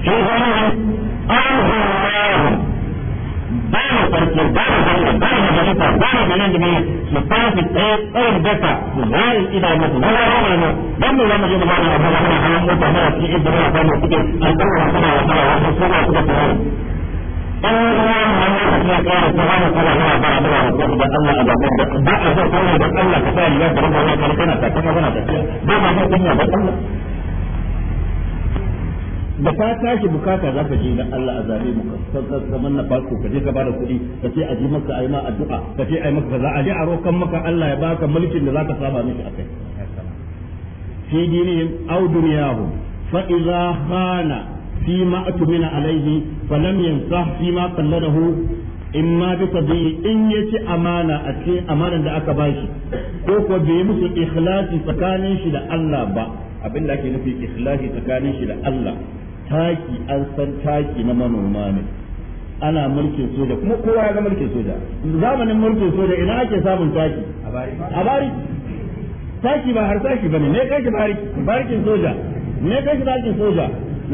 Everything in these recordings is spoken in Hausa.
shi zama an zuwa ba mu farko ba mu zama ba mu halitta ba mu zama da mai su tafi tsaye tsayin dasa su zai ida musu na zama mai mu don mu zama jini mana abu wani hawan mota mara cikin idan ya zama suke al'umma suna wa suna wa suna suna suka fi wani in ruwa hanyar da ya kara ta wani kala yana ba da wani ko da Allah a gaban da ba a zo kawai da Allah ka sa ya da rubuta kana kana ta kana ta ba ba ta kunya ba Allah da ka tashi bukata za ka je dan Allah a zabe mu zaman na farko ka je ka bada kuɗi ka ce a ji maka ayi ma addu'a ka ce ayi maka kaza a je a rokan maka Allah ya baka mulkin da za ka saba mishi akai fi dinihim aw dunyahum fa idza khana fi ma atmina alayhi fa lam yansah fi ma qalladahu imma bi tabi in yace amana a ce amanan da aka bashi ko ko bai musu ikhlasi tsakanin shi da Allah ba abin da ake nufi ikhlasi tsakanin shi da Allah taki an san taki na manoma ne ana mulkin soja kuma kowa ya ga mulkin soja zamanin mulkin soja ina ake samun taki a bariki taki ba har taki bane ne kai ki bariki barikin soja ne kai ki barikin soja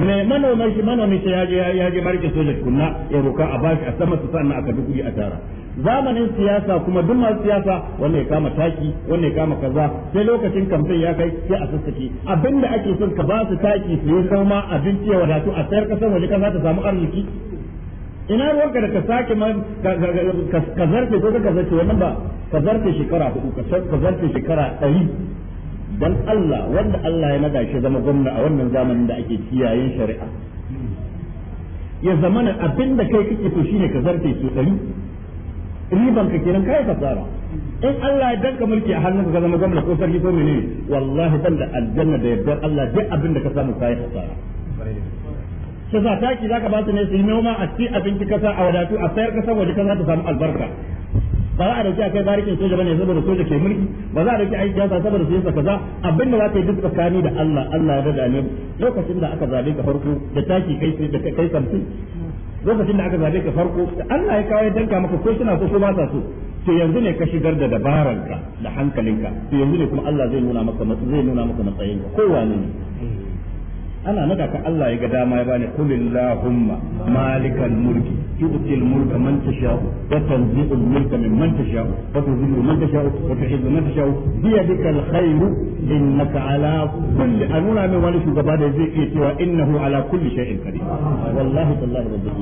mai manomai shi manomin shi yaje yaje barke soja kunna ya roka a bashi a sama su sannan aka kudi a tara zamanin siyasa kuma duk masu siyasa wanda ya kama taki wanda ya kama kaza sai lokacin kamfen ya kai sai a sassake abinda ake son ka ba su taki su yi sauma abinci ya wadatu a sayar kasar waje kasa ta samu arziki ina ruwanka da ka sake man ka zarfe ko ka zarfe wannan ba ka zarfe shekara hudu ka zarfe shekara ɗari don Allah wanda Allah ya naga shi zama gwamna a wannan zamanin da ake kiyayen shari'a ya abinda abin da kai kake to shine ka zarce su dari riban ka kenan kai tsara in Allah ya danka mulki a hannunka ka zama gwamna ko sarki ko menene wallahi ban da aljanna da yardar Allah duk abin da ka samu kai kasara sai za taki zaka ba su ne su yi noma a ci abinci kasa a wadatu a sayar kasa waje kasa ta samu albarka ba za a dauki akai barikin soja bane saboda soja ke mulki ba za a dauki aiki siyasa saboda siyasa kaza abin da za ka yi duk tsakani da Allah Allah ya dada ne lokacin da aka zabe ka farko da taki kai sai da kai samtin lokacin da aka zabe ka farko da Allah ya kawo ya danka maka ko suna so ko ba sa so to yanzu ne ka shigar da dabaranka da hankalinka to yanzu ne kuma Allah zai nuna maka zai nuna maka matsayin kowa ne ana nada ka Allah ya ga dama ya bani kulillahumma malikan mulki tu'til mulka man tasha'u wa tanzi'ul mulka wa man wa man bi innaka ala kulli anuna min wani shugaba da zai iya cewa innahu ala kulli shay'in qadir wallahi tallahi rabbil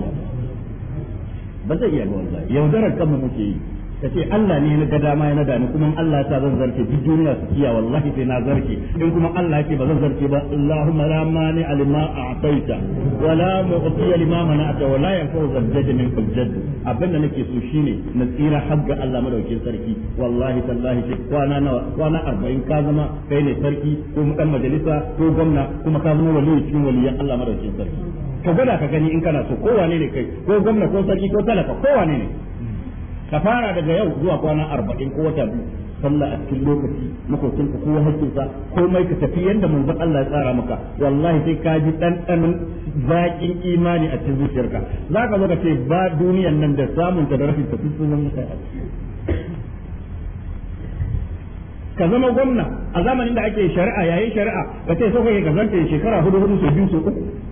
iya ba wallahi yaudarar kanmu muke yi ka ce Allah ne na gada ma ya nada ni kuma Allah ya sa zan zarce duk duniya su kiya wallahi sai na zarce in kuma Allah yake ba zan zarce ba Allahumma la mani alima a'taita wa la mu'ti lima mana'ta wa la yanfa'u zaljad min kuljad abin da nake so shine na tsira habga Allah madaukin sarki wallahi tallahi ce kwana nawa kwana 40 ka zama kai ne sarki ko dan majalisa ko gwamna kuma ka zama waliyi cikin waliyan Allah madaukin sarki ka gwada ka gani in kana so ko wane ne kai ko gwamna ko sarki ko talaka ko wane ne ka fara daga yau zuwa kwana arba'in ko wata biyu sallah a cikin lokaci makocin ka kowa hakkinsa komai ka tafi yadda zan Allah ya tsara maka wallahi sai ka ji ɗanɗanin zaƙin imani a cikin zuciyarka za ka zo ka ce ba duniyan nan da samun ta da rashin tafi sunan mutane ka zama gwamna a zamanin da ake shari'a yayin shari'a ka ce sai ka zanta shekara hudu hudu sau biyu sau uku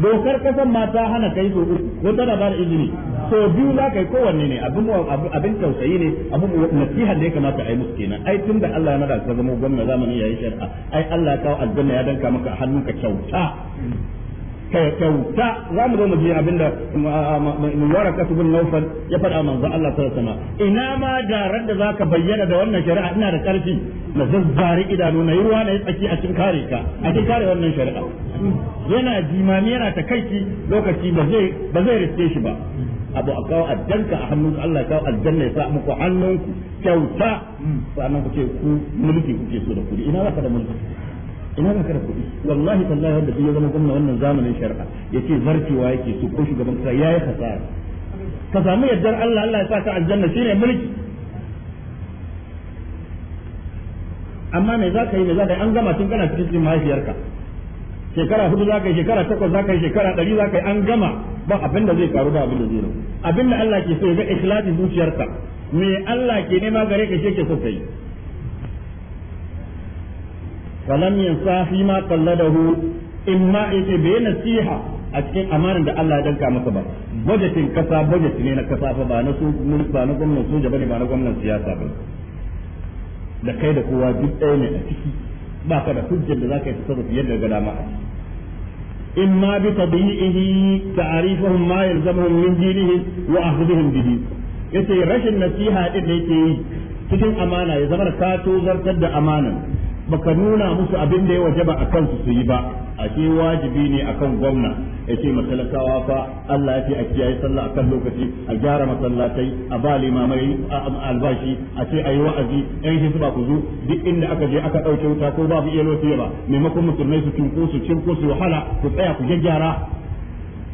dokar kasan mata hana kai so uku ko tana ba da izini so biyu za yi kowanne ne abin abin tausayi ne abin nasiha da ya kamata a yi musu kenan ai tun da Allah ya nada ka zama gwamna zamani yayi shari'a ai Allah ya kawo aljanna ya danka maka hannunka kyauta kyauta za mu zo mu ji abinda mu muwaraka tubun naufal ya faɗa manzo Allah sallallahu sama ina ma da ran da zaka bayyana da wannan shari'a ina da karfi na zazzare idanu na yi ruwa na yi tsaki a cikin kare ka a cikin kare wannan shari'a yana jimami yana takaici lokaci ba zai ba zai riske shi ba abu a kawo addanka a hannunku Allah ya kawo aljanna ya sa muku hannunku kyauta sannan ku ce ku mulki kuke so da kudi ina za ka da mulki ina za ka da kuɗi wallahi tallahi wanda duk ya zama gwamna wannan zamanin shari'a yace zarcewa yake su ko shugaban kasa yayi fasara ka samu yardar Allah Allah ya sa ka aljanna shine mulki amma me za ka yi me za ka yi an gama tun kana cikin mahaifiyarka shekara hudu za ka yi shekara takwas za ka yi shekara ɗari za ka yi an gama ba abin da zai karu ba abin da zai rabu abin da Allah ke so ya ga ikhlasin zuciyarka me Allah ke nema gare ka shi ke so ka yi falam yansa fi ma qalladahu imma yace bai nasiha a cikin amanar da Allah danka masa ba budgetin kasa budget ne na kasa fa ba na su ba na gwamnatin soja bane ba na gwamnatin siyasa ba da kai da a ciki ba ka da yi tasarrufi yadda ga a ciki إما بطبيعه تعريفهم ما يلزمهم من دينهم وأخذهم به yace rashin nasiha din da yake yi cikin amana ya zama ka tozartar da amanan baka nuna musu abin da ya waje ba a kansu su yi ba a ce wajibi ne a kan gwamna ya ce matalakawa fa Allah ya ce a kiyaye sallah akan lokaci a gyara masallatai a ba limamai albashi a ce a yi wa'azi ɗan hisba ku zo duk inda aka je aka ɗauke wuta ko babu iya lokaci ba maimakon musulmai su cinko su cinko su wahala ku tsaya ku gyaggyara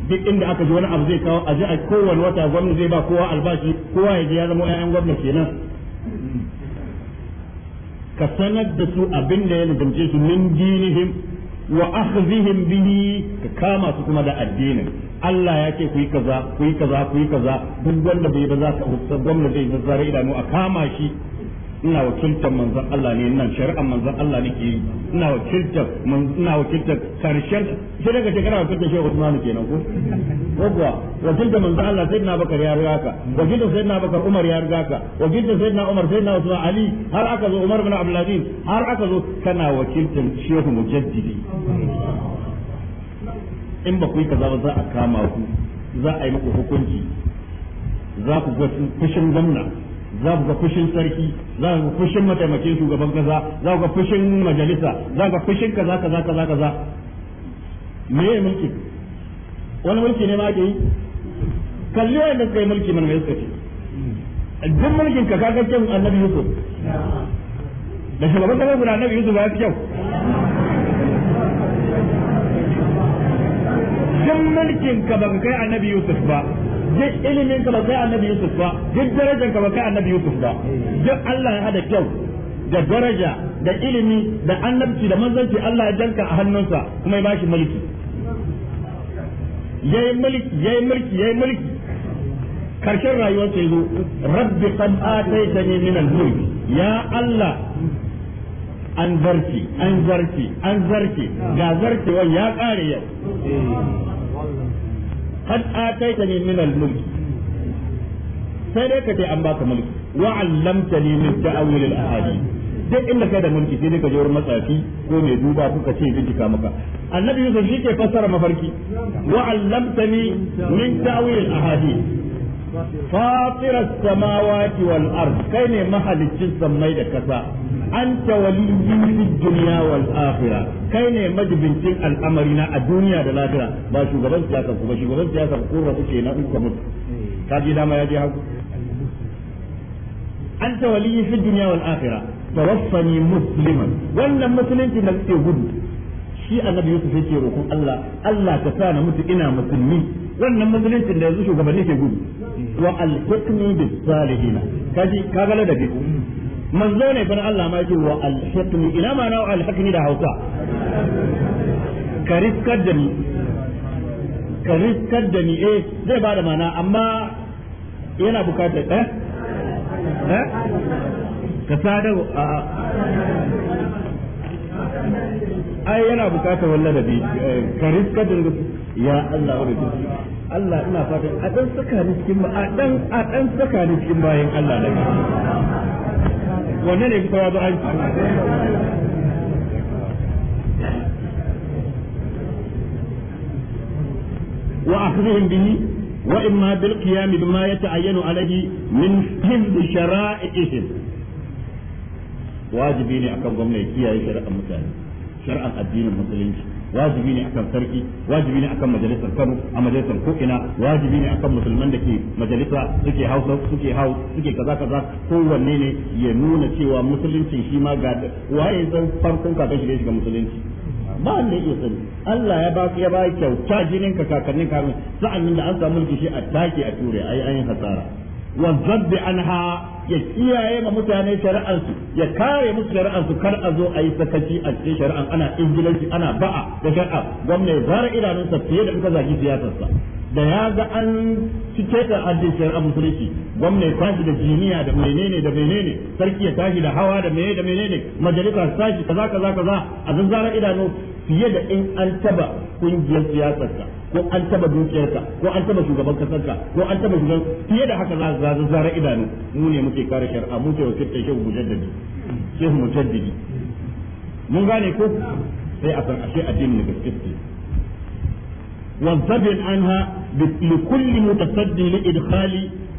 duk inda aka je wani abu zai kawo a je a kowane wata gwamna zai ba kowa albashi kowa ya je ya zama 'ya'yan gwamna kenan ka sanar da su abin da ya nazarce su min dinihim wa akhdhihim bihi ka kama su kuma da addinin Allah ya ce ku yi kaza ku yi kaza ku yi kaza duk wanda bai ba za ka gwamnati da zazzare idanu a kama shi ina wakiltar manzon Allah ne nan shari'ar manzon Allah ke yi ina wakiltar ina wakiltar karshen sai daga shekara wakiltar shehu Usman kenan ko ko wakiltar manzon Allah sai na bakar ya riga ka wakiltar sai na bakar Umar ya riga ka wakiltar sai na Umar sai na Usman Ali har aka zo Umar bin Abdul Aziz har aka zo kana wakiltar shehu mujaddidi in ba ku yi kaza ba za a kama ku za a yi muku hukunci za ku ga fushin gwamnati za ku ga fushin sarki za ku ga fushin mataimakin shugaban kaza za ku ga fushin majalisa za ku ga fushin kaza kaza kaza kaza me ne mulki wani mulki ne ma ke yi kalli wanda kai mulki mana mai sarki duk mulkin ka kaga kyan annabi yusuf da shugaban kaza guda annabi yusuf ba ya kyau duk mulkin ka ba kai annabi yusuf ba duk ilimin ka ba kai annabi Yusuf ba duk darajar ka ba kai annabi Yusuf ba duk Allah ya hada kyau da daraja da ilimi da annabci da manzanci Allah ya danka a hannunsa kuma ya bashi mulki yayi mulki yayi mulki yayi mulki karshen rayuwar sai zo rabbi qad ataytani min al-mulk ya Allah an zarki an zarki an zarki ga ya kare yau qad ataitani min al sai dai ka ce an baka mulki duk inda kai da mulki sai ka je wurin matsafi ko mai duba kuka ce bincika maka annabi yusuf shi ke fassara mafarki wa allamtani min ta'wil ahadith فاطر السماوات والأرض كين محل الجزم ميدا كسا أنت ولي في الدنيا والآخرة كين مجبن تلك الأمرنا الدنيا والآخرة باشو غبان سياسة باشو غبان سياسة قرر بشينا أنكمت كاجي داما يجي حقو أنت ولي في الدنيا والآخرة توفني مسلما ولا مسلم تنكسي هدو shi annabi Yusuf yake roƙon Allah Allah ka sa na mutu ina musulmi wannan musuluncin da yanzu shugabanni ke gudu wa alhiqni bis salihin kaji ka da biyu manzo ne fa Allah ma yake wa alhiqni ina ma na alhiqni da Hausa ka riskar da ni ka da ni eh zai mana amma yana bukatar eh eh ka A, ai yana bukatar da eh, ka riskar da ya Allah wa Allah ina fatan a dan saka ni cikin ba a dan a saka ni cikin bayan Allah da wanne ne fi tawa ba wa akhdhuhum bihi wa imma bil qiyam bima yata'ayyanu alayhi min hind shara'ihim wajibi ne akan gwamnati kiyaye shari'ar mutane shari'ar addinin musulunci wajibi ne akan sarki wajibi ne akan majalisar Kano a majalisar ko ina wajibi ne akan musulman da ke majalisa suke hausa suke hau suke kaza kaza kowanne ne ya nuna cewa musulunci shi ma ga waye san farkon kakan shi ne shiga musulunci ba ne ya sani Allah ya ba ya ba kyauta jinin ka kakannin kamin sa'an da an samu mulki shi a take a ture ai an yi hasara wa an anha ya kiyaye ma mutane shari'ar ya kare musu shari'ar su kar a zo a yi sakaci a cikin shari'ar ana ingilanci ana ba'a da shari'a gwamna ya zara fiye da siyasarsa da ya ga an cike da addin shari'ar musulunci gwamna ya tashi da jiniya da menene da menene sarki ya tashi da hawa da menene da menene majalisa tashi kaza kaza kaza a zazzara idanu fiye da in an taba kungiyar siyasarsa ko an taba dukiyarka ko an taba shugaban kasarka ko an taba shugaban fiye da haka za su zara idanu mu ne muke kare shar'a mu ce wakiltar shehu mujaddadi shehu mujaddadi mun gane ko sai a san ashe addini da gaskiya والذبل عنها لكل متصدي لإدخال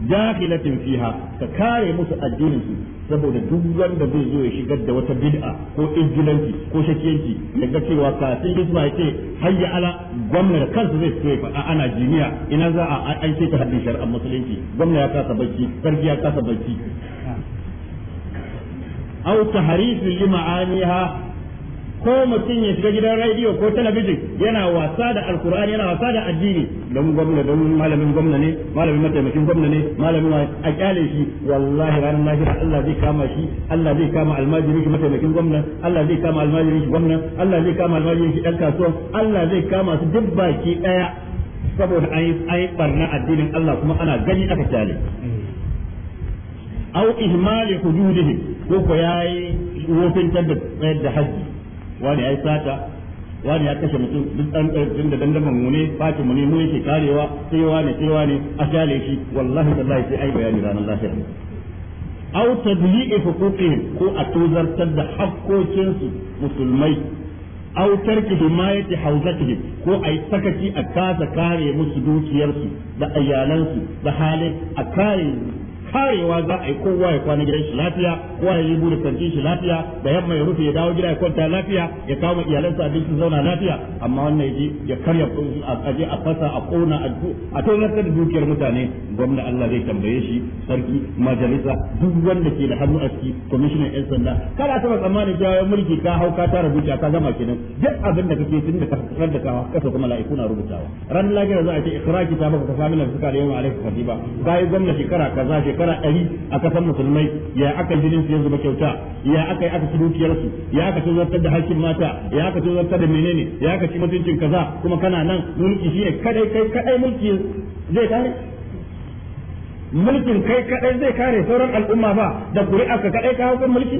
jahilatin fiha ka kare musu addinin su saboda duk wanda zai zo ya shigar da wata bid'a ko izgilanci ko shakiyanci ga cewa kafin hizba ya ce hayya ala gwamna da kansa zai ce a ana jiniya ina za a an ce ta haddin shari'ar musulunci gwamna ya kasa bacci sarki ya kasa bacci aw ah. tahrifin li ko mutum ya shiga gidan rediyo ko talabijin yana wasa da alkur'ani yana wasa da addini don gwamna don malamin gwamna ne malamin mataimakin gwamna ne malamin a kyale shi wallahi ranar lahira Allah zai kama shi Allah zai kama almajirin shi mataimakin gwamna Allah zai kama almajirin shi gwamna Allah zai kama almajirin shi dan kasuwa Allah zai kama su duk baki daya saboda an yi barna addinin Allah kuma ana gani aka kyale au ihmali hududihim ko ko yayi wofintar da da hajji wani ya yi sata wani ya kashe mutum duk dan ɗin da mu ne bacin mu ne mu yake karewa sai wani sai wani a shale shi wallahi tallahi sai ai bayani ranar lahira au tadli'i huquqihim ko a tozartar da hakkokinsu musulmai au tarki himayati hawzatihi ko ai sakaci a kasa kare musu dukiyarsu da su da halin a kare farewa za a yi kowa ya kwana gidan shi lafiya kowa ya yi buri kanti shi lafiya da yamma ya rufe ya dawo gida ya kwanta lafiya ya kama iyalansa abinci zauna lafiya amma wannan je ya karya aje a fasa a kona a nan da dukiyar mutane gwamna Allah zai tambaye shi sarki majalisa duk wanda ke da hannu a ciki kwamishinan yan sanda kada ta tsammanin cewa mulki ka hau ka tara rubuta ka gama kenan duk abin da kake tunda da ka fitar da kawa kasa kuma la'iku na rubutawa ran lafiya za a ce ikraki ta baka ka na lafiya da yawan alaihi katiba bayan gwamna shekara kaza shekara ɗari a kasar musulmai ya aka jinin su ya zuba kyauta ya aka yi aka ci su ya aka ci zartar da hakkin mata ya aka ci zartar da menene ya aka ci mutuncin kaza kuma kana nan mulki ne kadai kai kadai mulki zai kare mulkin kai kadai zai kare sauran al'umma ba da kuri'a ka kadai ka hukun mulki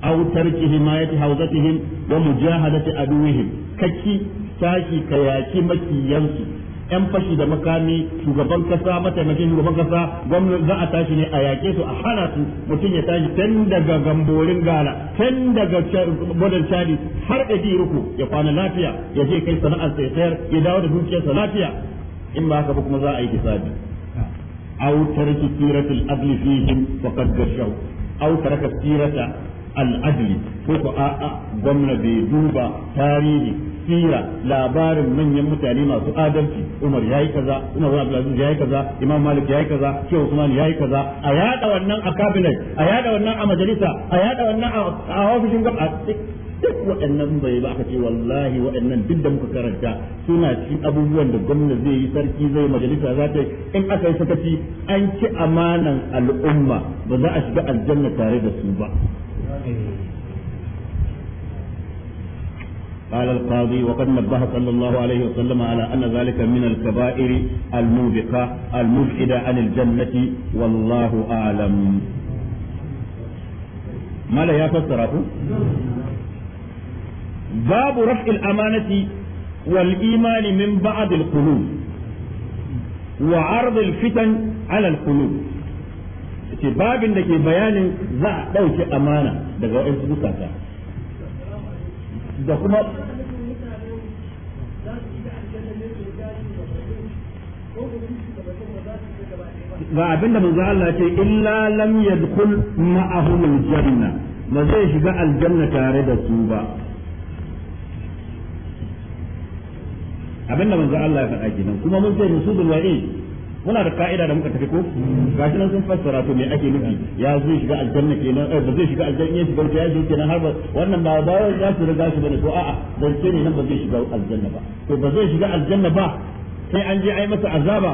أو ترك حماية حوزتهم ومجاهدة عدوهم كي saki كياكي مكي makiyansu yan fashi da makami shugaban kasa mataimakin shugaban kasa gwamnati za a tashi ne a yake su a hana su mutum ya tashi tun daga gamborin gala tun daga bodar chadi har da ruku ya kwana lafiya ya je kai sana'ar sai sayar ya dawo da dukiyarsa lafiya in ba haka ba kuma za a yi hisabi aw tarki siratul adli fihim faqad gashaw aw taraka sirata al-adli ko ko a'a gwamna bai duba tarihi fira labarin manyan mutane masu adalci Umar yayi kaza Umar bin Abdulaziz yayi kaza Imam Malik yayi kaza Sheikh Usman yayi kaza a yada wannan a cabinet a yada wannan a majalisa a yada wannan a ofishin gwamnati duk waɗannan bai ba aka ce wallahi waɗannan duk da muka karanta suna ci abubuwan da gwamna zai yi sarki zai majalisa za ta yi in aka yi sakaci an ci amanan al'umma ba za a shiga aljanna tare da su ba قال القاضي وقد نبه صلى الله عليه وسلم على أن ذلك من الكبائر الموبقة المبعدة عن الجنة والله أعلم ما لا يفسره باب رفع الأمانة والإيمان من بعض القلوب وعرض الفتن على القلوب في باب ke بيان ذا a امانه amana daga da kuma ga abin da manzo Allah ce illa lam yadkhul ma'ahum aljanna ba zai shiga aljanna tare da su ba abin da manzo Allah ya faɗa kenan kuma mun ce musudul wa'id muna da ka'ida da muka tafi ko gashi nan sun fassara to me ake nufi ya zai shiga aljanna kenan eh ba zai shiga aljanna ya shiga ya zai kenan har ba wannan ba ba za su riga shi bane to a'a ce ne nan ba zai shiga aljanna ba to ba zai shiga aljanna ba sai an je ai masa azaba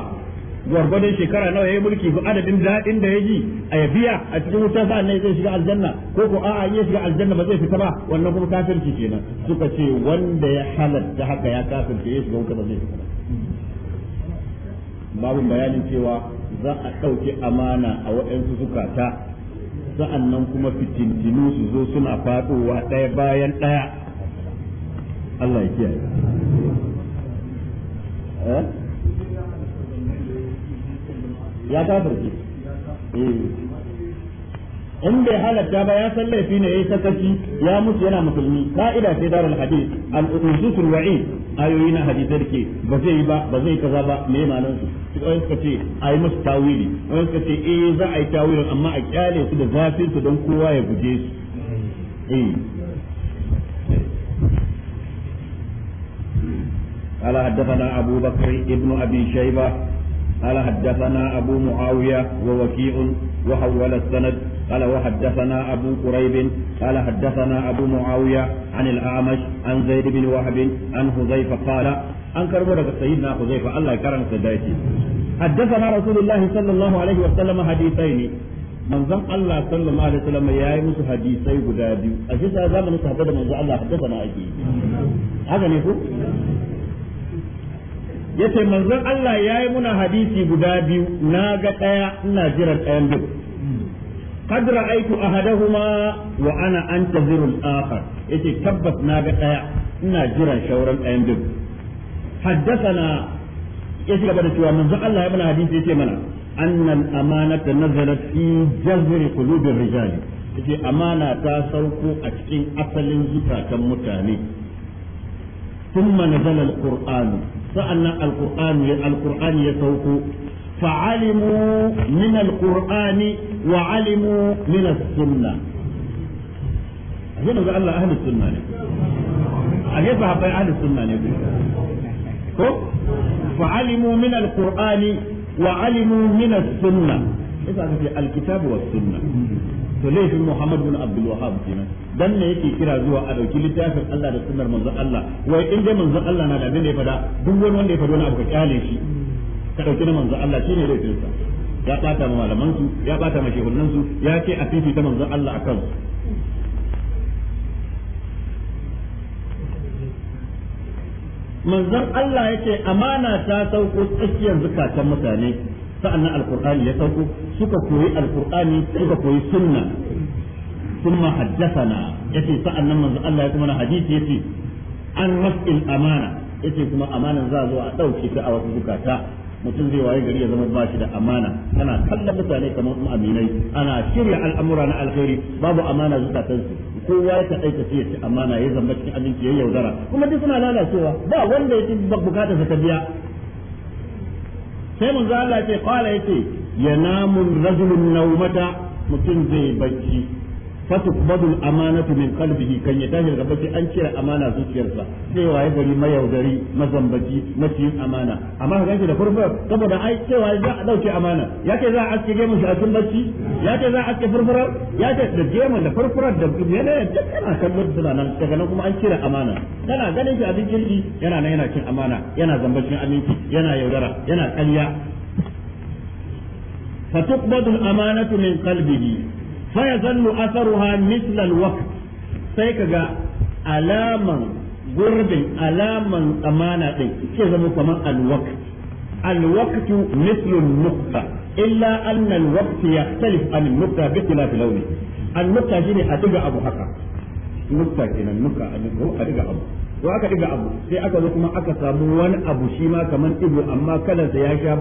gwargwadon shekara nawa yayi mulki ko adadin daɗin da ya ji a yabiya a cikin wuta sa ne zai shiga aljanna ko ko a'a ya shiga aljanna ba zai fita ba wannan kuma kafirci kenan suka ce wanda ya halatta haka ya kafirce ya shiga wuta ba zai fita babin bayanin cewa za a ɗauki amana a waɗansu zukata sa'annan kuma fitintinu su zo suna faɗowa ɗaya bayan ɗaya Allah ya kiyaye eh? ya ta farki eh. in bai halatta ba ya san laifi ne ya yi sakaci ya musu yana musulmi ka'ida sai darul hadith al-usul wa'id ayoyi na hadisai da ke ba zai yi ba ba zai kaza ba me ma'anar su wani suka ce a yi musu tawili wani suka ce eh za a yi tawili amma a kyale su da zafin su don kowa ya guje su eh قال حدثنا أبو بكر ابن أبي شيبة قال حدثنا أبو معاوية ووكيع وحول السند قال وحدثنا أبو قريب قال حدثنا أبو معاوية عن الأعمش عن زيد بن وهب عن حذيفة قال أنكر مرة سيدنا حذيفة الله كرم سدايتي حدثنا رسول الله صلى الله عليه وسلم حديثين manzon Allah sallallahu alaihi wasallam ya yi musu hadisai guda biyu a shi sa zamanin sahabba da manzon Allah haddasa na ake haka ne ko Allah ya yi muna hadisi guda biyu na ga ɗaya ina jiran dayan biyu قد رأيت أحدهما وأنا أنتظر الآخر يتي تبت ناقة إنا جرا شورا أيام دب حدثنا يتي قبل شوى من زق الله ابن حديث يتي منا أن الأمانة نزلت في جذر قلوب الرجال يتي أمانة تاسوكو أتكين أصل زكاة متاني ثم نزل القرآن فأن القرآن القرآن يسوكو فعلموا من القرآن وعلموا من السنة هنا قال الله أهل السنة أهل صحابة أهل السنة فعلموا من القرآن وعلموا من السنة إذا في الكتاب والسنة to laifin Muhammad bin Abdul Wahhab dan ne yake kira zuwa a dauki littafin Allah da sunnar manzon Allah wai in dai manzon Allah na da abin da fada duk wani wanda ya fada wani abu ka kyale shi ka dauki na Manzo Allah shine laifinsa ya bata ma malaman su ya bata ma shehunan su ya ce a fifita manzon Allah akan manzon Allah yake amana ta sauko tsakiyar zukatan mutane sa'annan alqur'ani ya sauko suka koyi alqur'ani suka koyi sunna ثم حدثنا يتي سألنا من الله يتمنى حديث يتي عن رفع الأمانة يتي كما أمانة زازو أتوكي كأوة بكاتا mutum zai waye gari ya zama ba shi da amana ana kallon mutane kamar kuma aminai ana shirya al'amura na alkhairi babu amana zukatansu kowa ya ta aika sai ya ci amana ya zamba cikin aminci ya yaudara kuma duk suna lalacewa ba wanda ya ci bukatar ta biya sai mun Allah ya ce qala yace yanamu rajulun naumata mutum zai bacci fatukbadul amanatu min qalbihi kan ya da daga an cire amana zuciyarsa cewa ya gari mayaudari mazambaci maciyin amana amma ka shi da furfura saboda ai cewa za a dauke amana ya ce za a aske gemu shi a cikin bacci ya ce za a aske furfura ya ce da gemu da furfura da yana da kana kallon suna nan daga nan kuma an cire amana kana ganin shi abin kirki yana nan yana cin amana yana zambacin aminci yana yaudara yana kalliya fatukbadul amanatu min qalbihi faya zannu asaruha mithla alwaqt sai kaga alaman gurbin alaman amana din ke zama kaman alwaqt alwaqt mithlu nuqta illa anna alwaqt yahtalif an nuqta bi tilafi lawni an nuqta shine a diga abu haka nuqta kenan nuqta a diga a diga abu to aka diga abu sai aka zo kuma aka samu wani abu shima ma ido amma kalarsa ya sha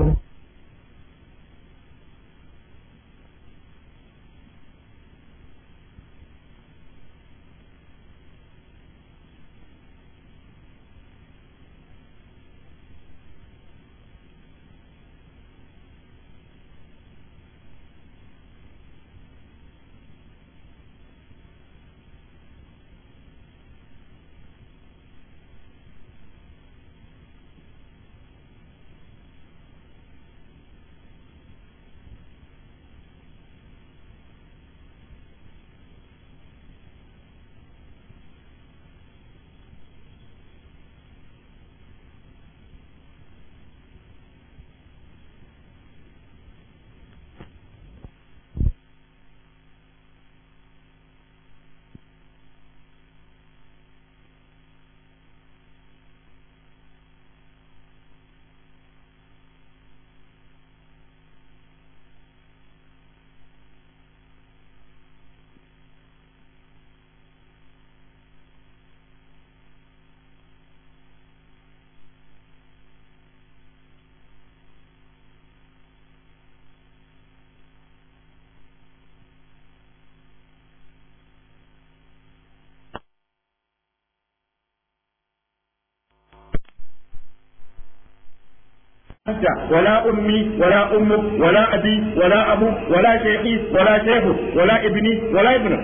أنت ولا أمي ولا أمك ولا أبي ولا أبو ولا شيخي ولا شيخه ولا ابني ولا ابنك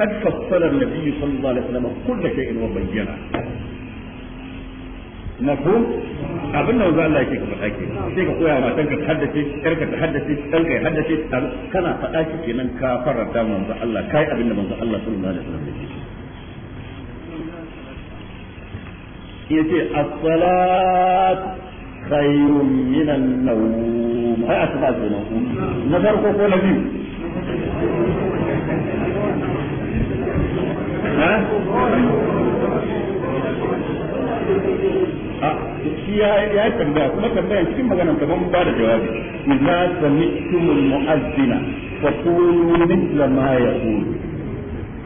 قد فصل النبي صلى الله عليه وسلم كل شيء وبينه مفهوم abin da wanzu Allah yake ka faɗa ke sai ka koya matan ka haddace kar ka haddace dan ka haddace kana faɗa ke nan ka faranta manzo Allah kai يتي الصلاة خير من النوم هاي أتفاد النوم نظر قول ها آه، يا يا تنبيه ما تنبيه شو ما كان تمام بار جواب إذا سمعتم المؤذن فقولوا مثل ما يقول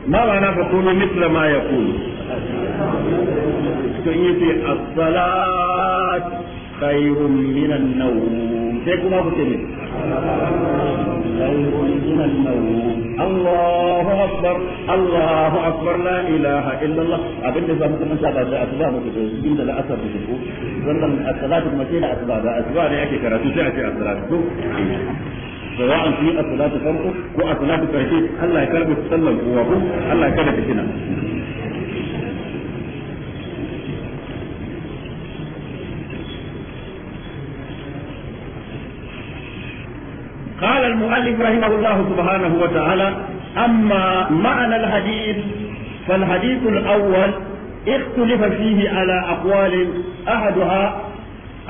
ما معنى فقولوا مثل ما يقول to yace as-salat khairun minan nawm sai kuma ku ce ne khairun minan nawm Allahu akbar Allahu akbar la ilaha illallah zamu kuma da asuba cikin da la'asar da ku kuma da asuba da asuba ne ake karatu sai farko ko as karshe Allah ya karbi sallan kowa ko Allah ya karbi kina المؤلف رحمه الله سبحانه وتعالى أما معنى الحديث فالحديث الأول اختلف فيه على أقوال أحدها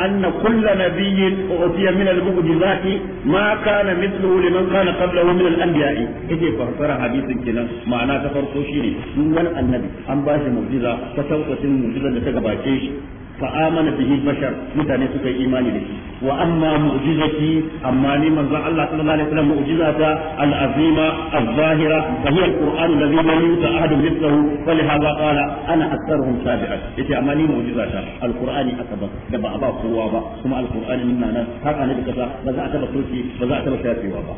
أن كل نبي أعطي من المعجزات ما كان مثله لمن كان قبله من الأنبياء إذا فرفر حديث كنا معناه تفرقوا شيني من النبي أن باش معجزة فتوقت المعجزة لتقبع fa amana bihi bashar mutane suka yi imani da shi wa amma mu'jizati amma ni Allah sallallahu alaihi wasallam mu'jizata al-azima al-zahira fa hiya al-qur'an alladhi lam yuta ahadun mithluhu fa li hadha qala ana aktharuhum sabi'an yace amma ni mu'jizata al-qur'ani akaba da ba ba kowa ba kuma al-qur'ani minna nan har annabi kasa ba za a taba soki ba za a taba shafewa ba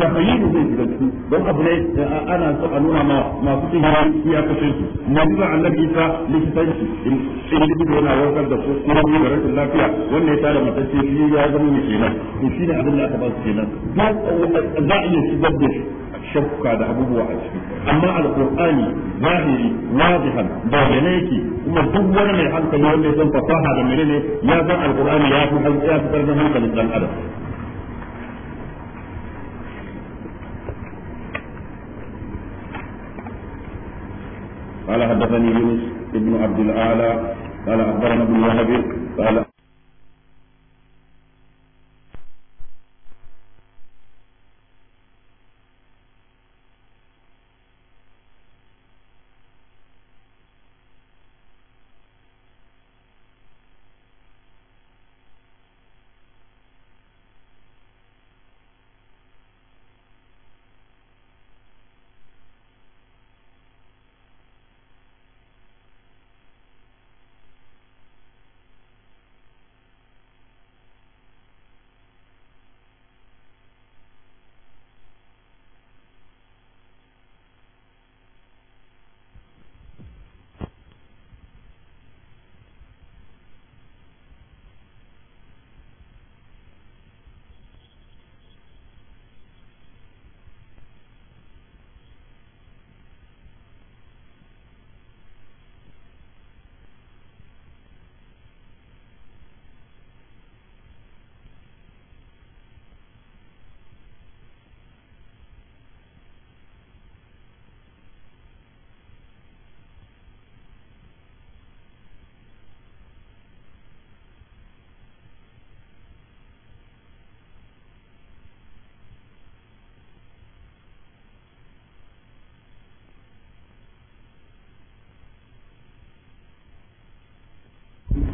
tafayyini zai shiga ciki don abu ne eh, ana so a nuna ma masu sihiri ya kashe su manzo annabi isa likitanci in individu yana warkar da su ko ne rashin lafiya wannan ya tada matacce shi ya zama mai kenan to shi ne abin da aka ba su kenan eh, za a iya shigar da shakka da abubuwa a ciki amma alqur'ani zahiri wajihan ba ne yake kuma duk wani mai hankali wanda ya san fasaha da mene ne san alqur'ani ya fi hankali ya fi karfin hankalin ɗan adam قال حدثني يونس بن عبد الاعلى قال اخبرنا ابن وهب قال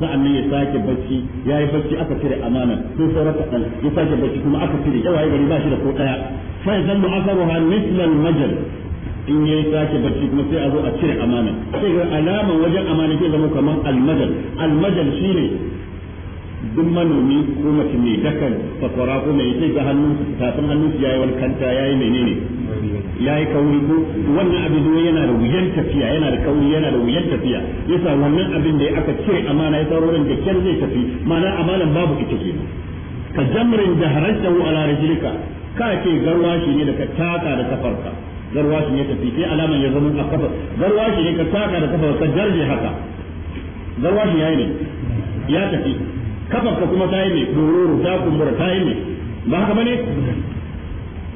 sa'annan ya sake bacci ya yi bacci aka cire amana ko sauran kaɗan ya sake bacci kuma aka cire yawa ya gari ba shi da ko ɗaya fa ya zallu asaruha mislal majal in ya sake barci kuma sai a zo a cire amana sai ga alaman wajen amana ke zama kamar almajal almajal shine duk manomi ko mace mai dakan sakwara ko mai sai ga hannun tafin hannun ya yi wani kanta ya yi menene ya yi kauri ko wannan abin da yana da wuyan tafiya yana da kauri yana da wuyan tafiya yasa wannan abin da aka cire amana ya tsaro da kyan zai tafi ma'ana amanan babu ita ke ka jamrin da wa ala rajulika ka ce garwashi ne da ka taka da kafarka garwashi ne tafi sai alaman ya zama a garwa garwashi ne ka taka da kafar ka jarje haka garwashi yayi ne ya tafi kafarka kuma ta yi ne dororo ta kumbura ta yi ne ba haka bane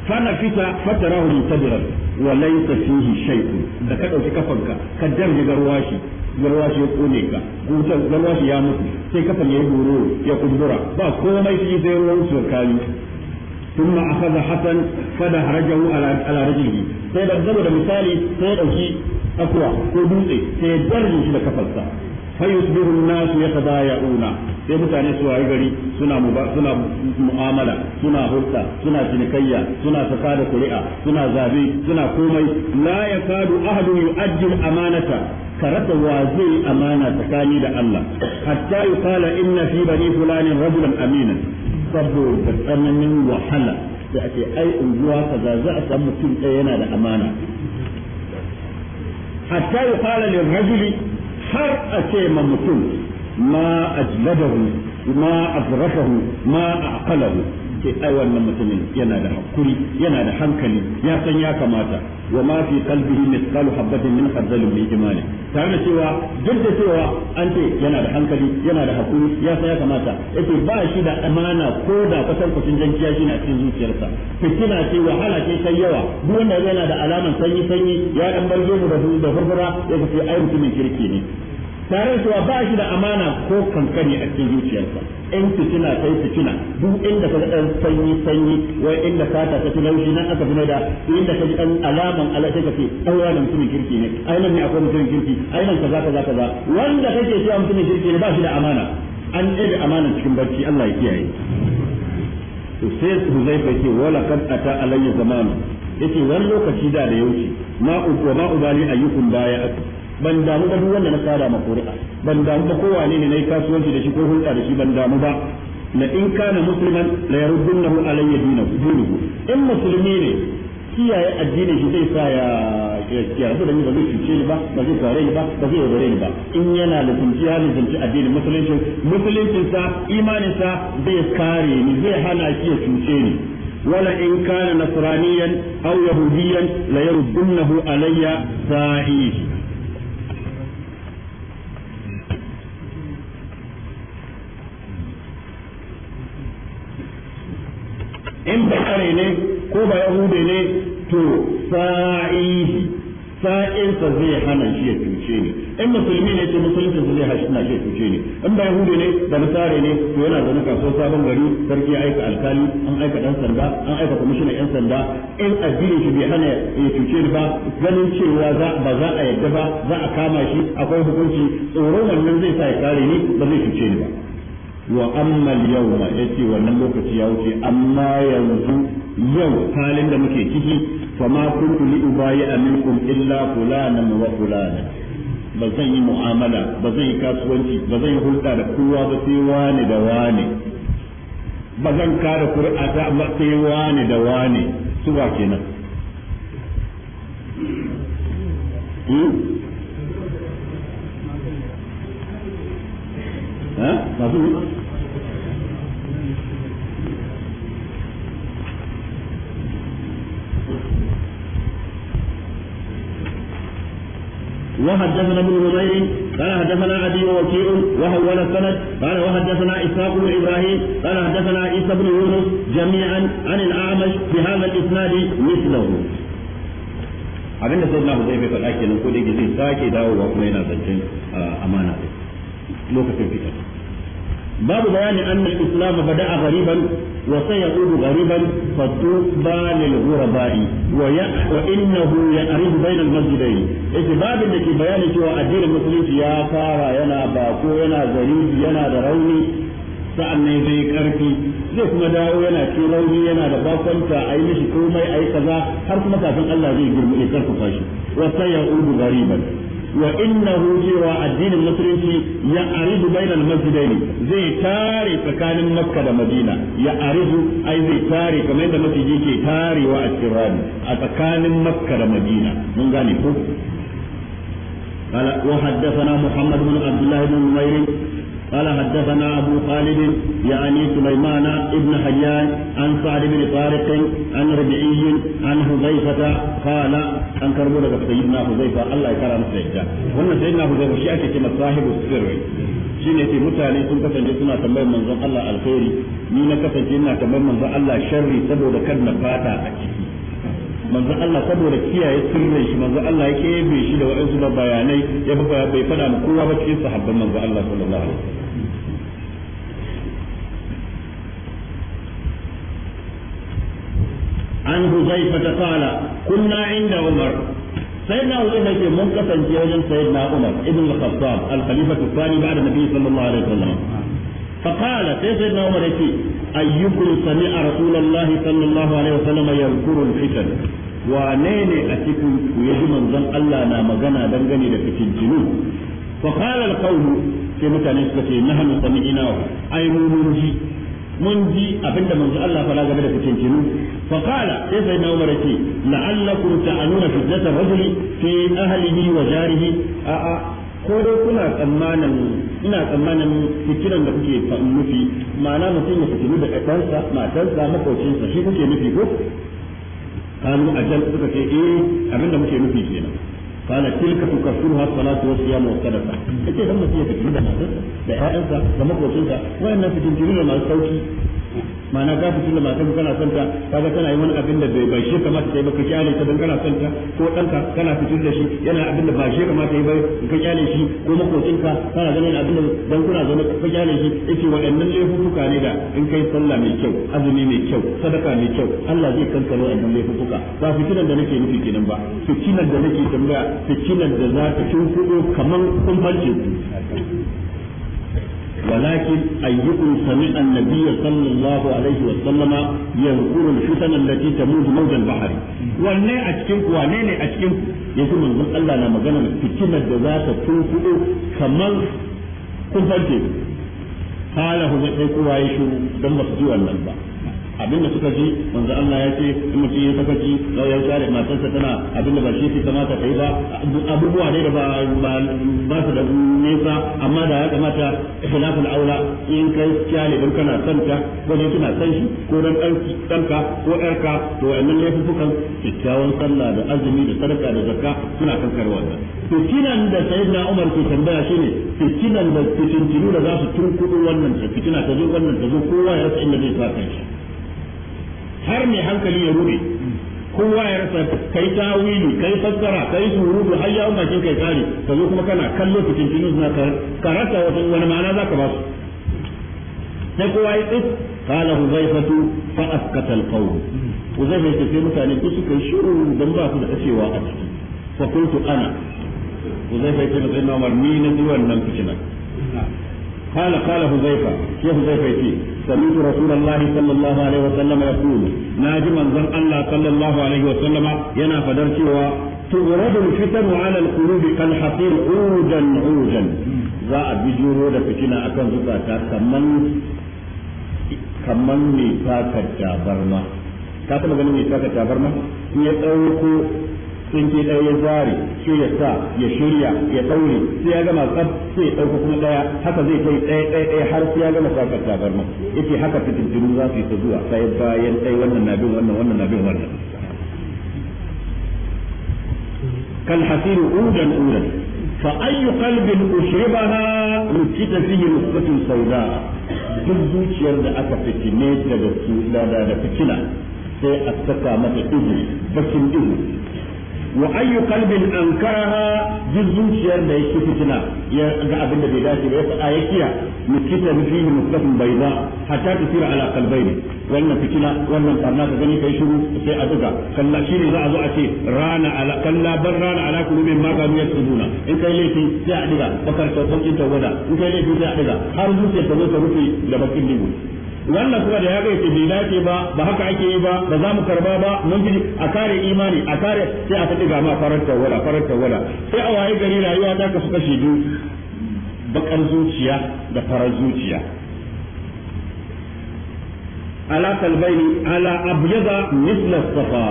fana fita fatarahu mutadiran wa laysa fihi shay'un da ka dauki kafanka ka darje garwashi garwashi ya kone ka gutar garwashi ya mutu sai kafan ya yi dororo ya kumbura ba komai shi sai ruwan surkani ثم أخذ حسن فدهرجه على رجله sai da zama da misali sai ya ɗauki akuwa ko dutse sai ya darje shi da kafarsa فيصبح الناس يتبايعون sai mutane su wayi gari suna suna mu'amala suna hulɗa suna cinikayya suna saka da kuri'a suna zabe suna komai la yakadu ahadun yu'addi amanata karata wa zai amana tsakani da Allah hatta yuqala inna fi bani fulanin rajulan amina saboda tsananin wahala da ake ai unguwa kaza za a samu mutum ɗaya yana da amana hatta yuqala lirrajuli هر اشيء ممكن ما اجلده ما ادركه ما اعقله ce ai wannan mutumin yana da hakuri yana da hankali ya san ya kamata wa ma fi qalbihi mithqalu habatin min khardal min imani tare da cewa duk da cewa an ce yana da hankali yana da hakuri ya san ya kamata yace ba shi da amana ko da kasan kucin jankiya shi na cikin zuciyarsa fitina ce wahala ce sai yawa duk wanda yana da alaman sanyi sanyi ya dan barge mu da da furfura ya ai mutumin kirki ne tare cewa ba shi da amana ko kankani a cikin zuciyarsa in fitina sai fitina duk inda ka dan sanyi sanyi wai inda fata ta ci laushi nan aka fina da inda ka ji dan alaman Allah sai ka ce aura da mutumin kirki ne ainihin ne akwai mutumin kirki ainihin kaza kaza kaza wanda kake cewa mutumin kirki ne ba shi da amana an ɗebe amanan cikin barci Allah ya kiyaye to sai Huzaifa ce wala kad ata alayya zamanu yace wani lokaci da da ya wuce ma ubali ayyukum baya ban damu ba duk wanda na tsara ma kuri'a ban damu ba kowane ne nayi kasuwanci da shi ko hulɗa da shi ban damu ba la in kana musliman la yaruddunahu alayya dinahu dinahu in musulmi ne kiyaye addinin shi zai sa ya ya rabu da ni ba zai cuce ni ba ba zai kare ni ba ba zai yaudare ni ba in yana da tunci ya lizinci addinin musulunci musuluncin sa imanin sa zai kare ni zai hana shi ya cuce ni wala in kana nasraniyan aw yahudiyan la yaruddunahu alayya sahihi in bakare ne ko ba yahude ne to sa'ihi sa'insa zai hana shi ya cuce ni in musulmi ne to musulunci zai hana shi ya cuce ni in ba yahude ne da misare ne to yana zaune kaso sabon gari sarki ya aika alkali an aika dan sanda an aika kwamishinan yan sanda in addini shi bai hana ya cuce ni ba ganin cewa ba za a yadda ba za a kama shi akwai hukunci tsoron wannan zai sa ya kare ni ba zai cuce ni ba wa amma yawma yace wannan lokaci ya wuce amma yanzu yau halin da muke ciki fa ma kuntu li ubayi aminkum illa fulana wa fulana ba zan yi mu'amala ba zan yi kasuwanci ba zan yi hulɗa da kowa ba sai wani da wani ba zan kada kuri'a ba sai wani da wani su ba kenan hmm? ha ba وحدثنا ابن نمير قال حدثنا عدي وكيع وهو السند قال وحدثنا اسحاق بن ابراهيم قال حدثنا عيسى بن يونس جميعا عن الاعمش بهذا الاسناد مثله abinda sai na hudai faɗa kenan ko da zai sake dawowa kuma yana zancen amana lokacin fitar babu bayani annal islam bada'a ghariban وسيعود غريبا فطوبى للغرباء وإنه يقرب بين المسجدين إتباب لك بيان سوى الدين المسلم يا فارا ينا باكو ينا غريب ينا دروني ne zai karfi zai kuma dawo yana ce rauni yana da bakwanta a yi mishi komai a yi kaza har kuma kafin Allah zai girma ya karfafa shi wasa ya udu gariban wa innahu cewa addinin musulunci ya aridu bainal ne zai tare tsakanin makka da madina ya aridu ai zai tare kamar yadda maciji ke tarewa a cikin rami a tsakanin makka da madina mun gane ko قال وحدثنا محمد قال حدثنا أبو خالد يعني سليمان ابن حيان عن سعد بن طارق عن ربيعي عن حذيفة قال أن كربونا سيدنا حذيفة الله يكرم سيدنا وأن سيدنا حذيفة شيء كما صاحب السر shine ce mutane sun kasance suna tambayar manzon Allah alkhairi ni na kasance ina tambayar manzon Allah sharri saboda kan na fata a ciki manzo Allah saboda kiyaye sirrin shi manzo Allah ya kebe shi da waɗansu da bayanai ya fa bai fada mu kowa ba cikin sahabban manzo Allah sallallahu alaihi wasallam an ta kala عن حذيفة قال كنا عند عمر mun kasance wajen منقطع umar ibn al-khattab al-khalifa al-thani ba'da صلى sallallahu alaihi wasallam فقال سيدنا عمر يتي أيكم سمع رسول الله صلى الله عليه وسلم يذكر الفتن وانين أتكم يجب من ظن ألا نام غنى دنغني لفتن جنوب فقال القوم كما نسبتي نحن سمعناه أي منجي منجي أبدا من الله فلا قبل فتن جنوب فقال سيدنا عمر يتي لعلكم تعنون فتنة الرجل في أهله وجاره أأ ko dai kuna tsammanin ina tsammanin fitinan da kuke nufi ma'ana mutum ya fitinu da ƙasarsa matarsa makocinsa shi kuke nufi ko kanu jan suka ce eh abinda muke nufi kenan قال تلك تكفرها الصلاة والصيام والصدقة أنت لما تيجي تجيبها da ƴaƴansa da makocinsa kana son ta da shi kamata kai ba shi yana abin da ba shi kamata yi ba ka kyale shi ko makocinka kana ganin abin da shi yace waɗannan laifuka ne da in kai sallah mai kyau azumi mai kyau sadaka mai kyau Allah zai kankare waɗannan laifuka ba fitinan da nake nufi kenan ba fitinan da nake tambaya fitinar da za ka shimfiɗo kamar kumfarce ولكن أيكم سمع النبي صلى الله عليه وسلم يذكر الفتن التي تموج موج البحر wanne a cikin ku wane ne a cikin ku yace Allah na magana fitinar da za ta tunkuɗo kamar kun farke hala hu sai kowa ya shiru dan ba su ji wannan ba abinda suka ji manzo Allah ya ce in mutum ya saka ji da ya share matarsa tana abinda ba shi ke kamata kai ba abubuwa ne da ba ba su da nesa amma da ya kamata khilaful aula in kai kyale don kana santa ko ne kina san shi ko dan ɗanka ko yarka to wannan laifukan kyakkyawan sallah da azumi da sadaka da zakka suna kankar wannan fitinan da sayyidina Umar ke tambaya shine fitinan da fitintinu da za su tunkuɗo wannan fitina ta zo wannan ta zo kowa ya rasa inda zai sa kanshi har mai hankali ya rude kowa ya rasa kai tawili kai fassara kai surutu har yawon bakin kai tsari ka zo kuma kana kallo cikin jinin na karanta wani ma'ana za ka ba su sai kowa ya tsit kala huzaifatu fa askata alqawl huzaifa ce sai mutane duk suka yi shiru dan ba su da kacewa a ciki fa kuntu ana huzaifa yake sai na umar ni na ji nan fitina kala kala huzaifa sai huzaifa yake سمعت رسول الله صلى الله عليه وسلم يقول ناجي من زن الله صلى الله عليه وسلم ينا فدرتي و تغرد الفتن على القلوب كالحصير عودا عودا za a bijiro da fitina akan كمن kaman kaman mai taka tabarma ka taba ganin tsinke ɗaya ya zare shi ya sa ya shirya ya ɗaure sai ya gama tsab sai ya ɗauka kuma ɗaya haka zai kai ɗaya ɗaya ɗaya har sai ya gama saka tabarma yake haka fitintinu za su yi ta zuwa sai bayan ɗaya wannan na bin wannan wannan na bin wannan kal hasiru udan udan fa ayyu qalbin ushribaha rukita fihi nusbatun sauda duk zuciyar da aka fitine daga su da fitina sai a saka mata ihu bakin ihu wa ayyu qalbin ankaraha duk zuciyar da yake fitina ya ga abin da bai dace ba ya faɗa ya kiya mukita fihi mutafin bayda hatta tusira ala qalbayn wannan fitina wannan barna ka gani kai shiru sai a duka kalla shine za a zo a ce rana ala kalla bar rana ala kulubin ma kanu yasuduna in kai laifi sai a duka bakar tawbin tawada in kai laifi sai a duka har zuciyar ta zo ta rufe da bakin dibu wannan kuma da ya ga bai dace ba ba haka ake yi ba ba za mu karba ba mun ji a kare imani a kare sai a faɗi ga ma farar tawala farar tawala sai a waye gari rayuwa ta kasu kashe biyu bakar zuciya da farar zuciya ala kalbaini ala abyada misla safa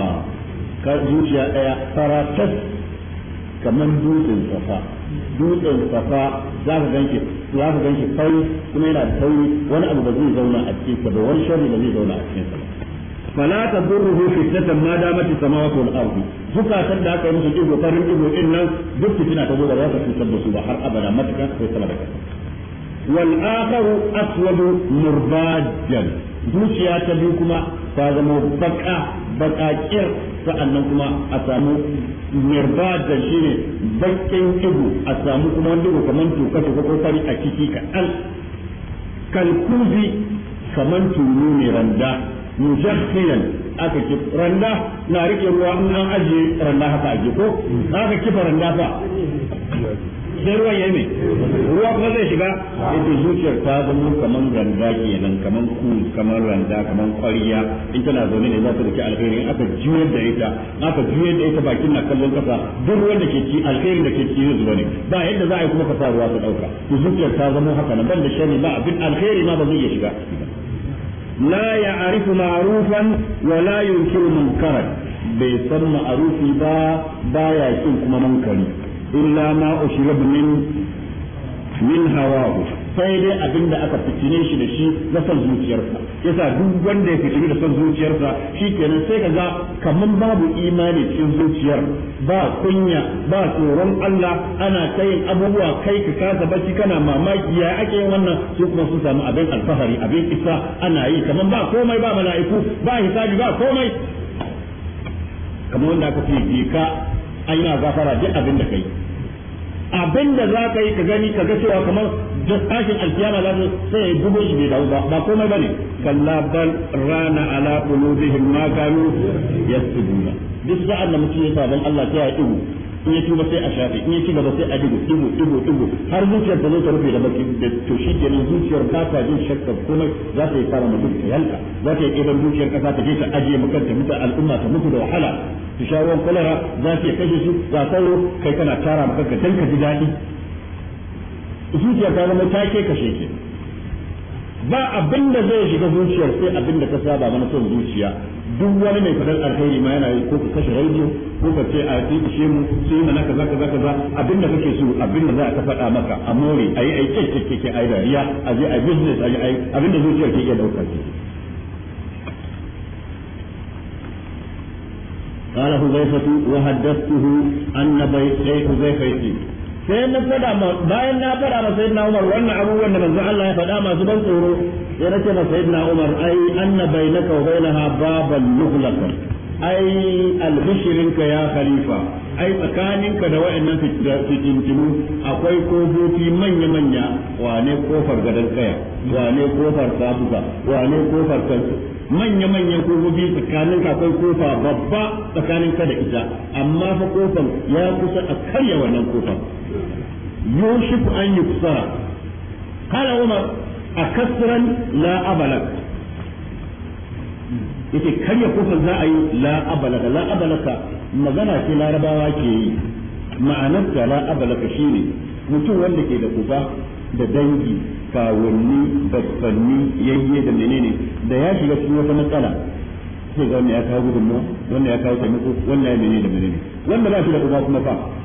ka zuciya daya faratas kamar dutsen safa dutsen safa za ka ganke ya ka gan shi kuma yana da tauri wani abu da zai zauna a cikin sa da wani shari da zai zauna a cikin sa fala tadurruhu fitnatan ma damat samawati wal ardi san da aka yi musu digo farin digo din nan duk fitina ta zo da za ta cutar su ba har abada matakan sai sama da kasa wal akharu aswadu murbajan zuciya ta bi kuma ta zama baka baka kir sa'annan kuma a samu yarda da shi ne bakin dubu a samu kuma wani dubu kamar tuka ta ko fari a ciki kaɗan kalkuzi kamar tulu ne randa mujahhiyan aka ki randa na rike ruwa in an ajiye randa haka aje ko aka kifa randa fa sai ruwan ya mai ruwa kuma zai shiga yake zuciyar ta zama kaman ganda kenan kaman ku kaman randa kaman kwariya in tana zaune ne za ta dauki alheri aka juyar da ita aka juyar da ita bakin na kallon kasa duk ruwan da ke ci alheri da ke ci zai zuba ne ba yadda za a yi kuma ka sa ruwa ta dauka zuciyar ta zama haka nan ban da shari ba abin alheri ma ba zai iya shiga لا يعرف معروفا ولا ينكر منكرا bai san ma'arufi ba baya kin kuma mankari إلا ما أشرب من من هواه sai dai abinda aka fitine shi da shi na son zuciyarsa yasa duk wanda ya fitini da son zuciyarsa shi kenan sai kaga kaman babu imani cikin zuciyar ba kunya ba tsoron Allah ana ta yin abubuwa kai ka kasa bacci kana mamaki ya ake yin wannan su kuma sun samu abin alfahari abin isa ana yi kaman ba komai ba mala'iku ba hisabi ba komai kamar wanda aka ce ka aina gafara duk abin da kai da za ka yi ka gani ka ga cewa kamar tashin alkiyama za su sai ya bugo shi bai dawo ba ba komai bane kalla bal rana ala qulubihim ma kanu yasjuduna duk sa'an da mutum ya dan Allah ta ya ihu in yi tuba sai a shafe in yi ci gaba sai a digo digo digo digo har zuciyar ta zo ta rufe da baki da to shi nan zuciyar ta ta jin shakka kuma za ta yi fara mutum ta yanka za ta yi ɗiban zuciyar ƙasa ta je ta ajiye makanta mutu al'umma ta mutu da wahala su sha ruwan kwalara za ta kashe su za sauro kai kana tara makanta dan ka ji daɗi zuciyar ta zama ta ke kashe ke ba abin da zai shiga zuciyar sai abin da ka saba mana son zuciya duk wani mai fadar alheri ma yana yi ko ka kashe rediyo ko ka ce a tsibishe mu sai yi mana kaza kaza kaza abin da kake so abin da za ka faɗa maka a more a yi aiki keke ke a yi dariya a je a yi business a yi abin da zuciyar ke iya ɗauka ke. قال حذيفة وحدثته أن بيت حذيفة sai na fada ma bayan na fada ma na Umar wannan abubuwan da manzo Allah ya fada masu ban tsoro sai nace ma na Umar ai anna bainaka wa bainaha baban mughlaqan ai albishirinka ya khalifa ai tsakaninka da wa'annan fitintinu akwai kofofi manya-manya wane kofar gadon kaya wane kofar sabuka wane kofar kansu manya-manyan kofofi tsakaninka akwai kofa babba tsakaninka da ita amma fa kofar ya kusa a karya wannan kofar yusuf an yi kusa kala umar a kasran la abalak yace karya kufur za a yi la abalaka la abalaka magana ce larabawa ke yi ma'anar ta la abalaka shine mutum wanda ke da kufa da dangi kawanni bakfanni yayye da menene da ya shiga cikin wata matsala sai ga wannan ya kawo gudunmu wanda ya kawo taimako wanda ya menene da menene wanda ba shi da kufa kuma fa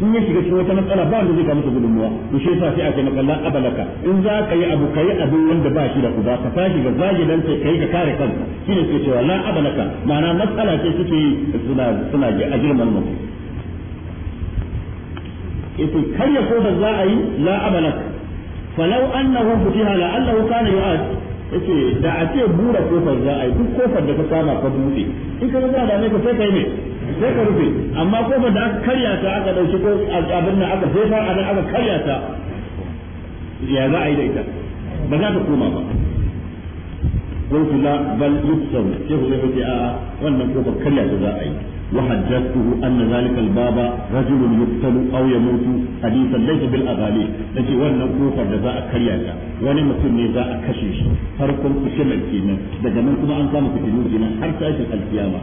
in ya shiga cikin wata matsala ba wanda zai ka masa gudunmuwa to shi yasa sai a ce maka la abalaka in za ka yi abu kai abin wanda ba shi da kuda ka tashi ga zagi dan sai kai ka kare kanka shine suke cewa la abalaka ma'ana matsala ce suke suna suna a girman mu. yace kar ya ko da za a yi la abalaka falau annahu futiha la allahu kana yu'ad yace da a ce bura kofar za a yi duk kofar da ka kama ka bude in ka ga da ne ka sai kai ne sai ka rufe amma kofar da aka karya ta aka dauki ko abin nan aka sefa a aka karya ya za a yi da ita ba za ta koma ba ko kula bal yusau sai ku zai a wannan kofar ba karya ta za a yi wa hajjatuhu anna zalika al baba rajulun yuqtalu aw yamutu hadithan laysa bil aghali dace wannan kofar da za a karya ta wani mutum ne za a kashe shi farkon kishin kenan daga nan kuma an samu kishin kenan har sai ta kiyama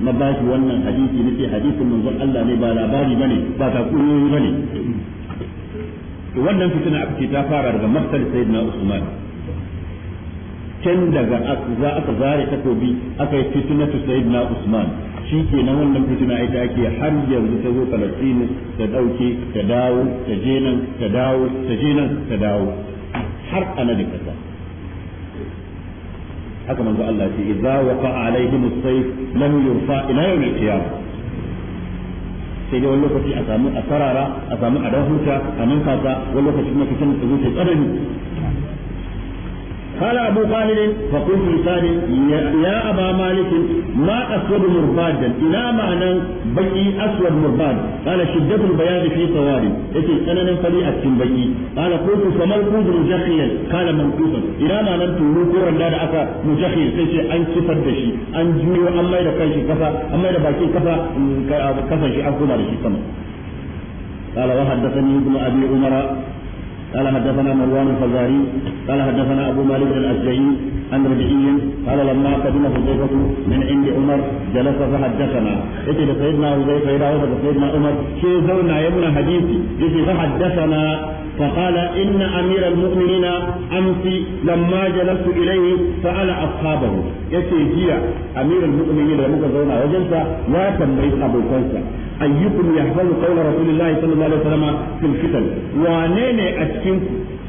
na bashi wannan hadisi nake hadisin manzon Allah ne ba labari bane ba ta kuyoyi bane to wannan fitina aka ce ta fara daga maktal sayyidina Usman can daga za aka zare takobi aka yi fitinatu sayyidina Usman shi ke na wannan fitina ita ake har yanzu ta zo Falastinu ta dauke ta dawo ta je nan ta dawo ta je nan ta dawo har a da kasa haka manzo Allah ce idza waqa alaihim as-sayf lam yurfa ila yawm al-qiyamah sai dai wani lokaci a samu a sarara a samu a dan huta a nan kasa wani lokaci kuma kisan da zuciya tsanani قال أبو خالد فقلت لسالم يا أبا مالك ما أسود مربادا إلى معنى بقي أسود مرباد قال شدة البياض في صواري إتي أنا ننفلي أكتم بقي قال قلت فما القود مجخيا قال منقوصا إلى معنى تنو كورا لا أكا مجخيا سيشي أن صفر دشي أن جيو أما إذا كان شي كفا أما إذا باكي كفا كفا شي أقول على شي كما قال وحدثني ابن أبي عمر قال حدثنا مروان الفزاري قال حدثنا أبو مالك الأشجعي عن ربيعي قال لما قدم حذيفة من عند عمر جلس فحدثنا يجي سيدنا حذيفة إلى سيدنا عمر شي زونا يمنا حديثي يجي فحدثنا فقال إن أمير المؤمنين أمس لما جلست إليه سأل أصحابه يجي جيا أمير المؤمنين لما زونا وجلس لا تنبيت أبو كنسا أيكم يحفظ قول رسول الله صلى الله عليه وسلم في الفتن وانين أتكنكم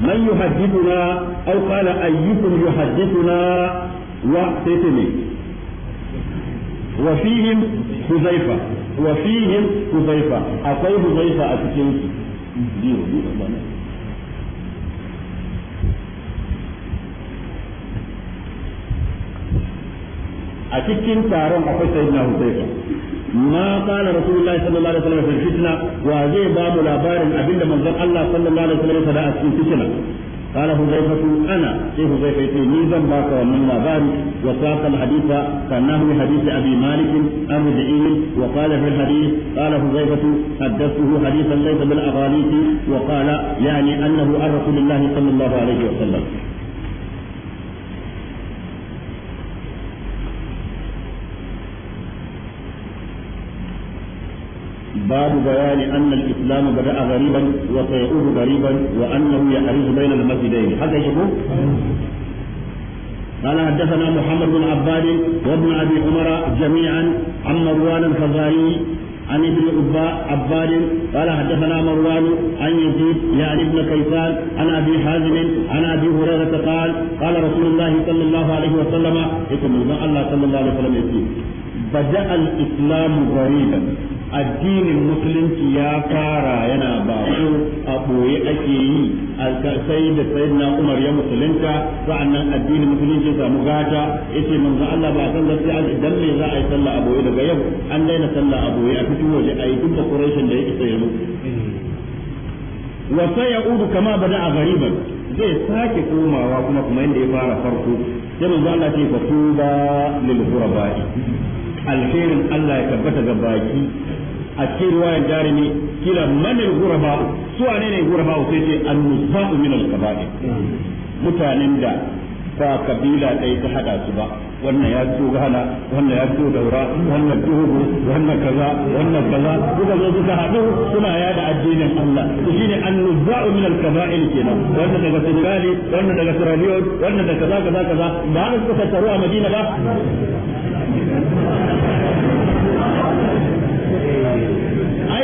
من يحدثنا أو قال أيكم يحدثنا وقتتني وفيهم حذيفة وفيهم حذيفة أقول حذيفة أتكلم a cikin taron akwai sayyidina Huzaifa ما قال رسول الله صلى الله عليه وسلم في الفتنة وهذه باب الأبار أبن من ذن الله صلى الله عليه وسلم فلا أسكن فتنة قال حذيفة أنا إيه حذيفة ميزا باك ومن الأبار وساق الحديث كأنه حديث أبي مالك الربعي وقال في الحديث قال حذيفة حدثته حديثا ليس بالأغاليث وقال يعني أنه عن رسول الله صلى الله عليه وسلم باب بيان أن الإسلام بدأ غريبا وسيعود غريبا وأنه يحرز بين المسجدين هذا يقول قال حدثنا محمد بن عباد وابن أبي عمر جميعا عن مروان الفزاري عن ابن عباد قال حدثنا مروان عن يزيد يعني ابن كيسان عن ابي حازم عن ابي هريره قال قال رسول الله صلى الله عليه وسلم يقول الله صلى الله عليه وسلم يقول بدا الاسلام غريبا addinin musulunci ya fara yana bako a ɓoye ake yi sai da na umar ya musulunta sa'annan addinin musulunci ya samu gata yace manzo Allah ba san gaskiya an idan me za a yi sallah a ɓoye daga yau an daina sallah a ɓoye a fitin waje a yi duk da da yake tsaye wa sai ya udu kama bada a gariban zai sake komawa kuma kuma yadda ya fara farko sai manzo Allah ce fa tuba lil ghurabai alherin Allah ya tabbata ga baki a cikin ruwayan jarumi kila manil guraba su wane ne guraba sai ce an nusa'u min al-kaba'i mutanen da ba kabila ɗaya ta hada su ba wannan ya fito gana wannan ya fito daura wannan duhu wannan kaza wannan kaza duka zo suka haɗu suna yada addinin Allah to shine annuza'u min al-kaba'il kenan wannan daga Senegal wannan daga Sierra wannan daga kaza kaza kaza ba haka suka taru a Madina ba ai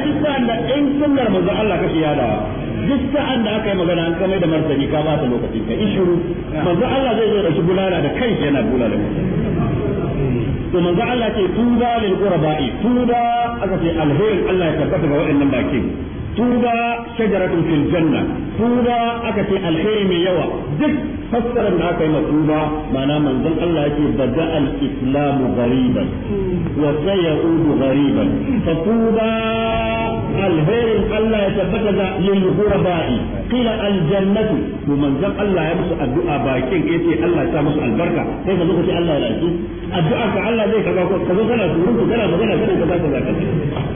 duk sa'an da in sunnar manzon Allah kake yadawa duk sa'an da aka yi magana an kamar da martani ka ba ta lokaci ka ishuru manzon Allah zai zo da shi bulala da kai yana bulala to manzon Allah ce tuba lil qurba'i tuba aka ce alheri Allah ya tabbata ga waɗannan bakin tuba shajaratun fil janna tuba aka ce alheri mai yawa duk fassarar da aka yi tuba mana manzon Allah yake bada al islamu ghariban wa sayaudu ghariban fa tuba alherin Allah ya tabbata da lil ghurabai qila al jannatu to manzon Allah ya musu addu'a bakin yace Allah ya musu albarka sai ka zo Allah ya rafi addu'a ka Allah zai kaga ko ka zo kana surun kana magana kana kaza kaza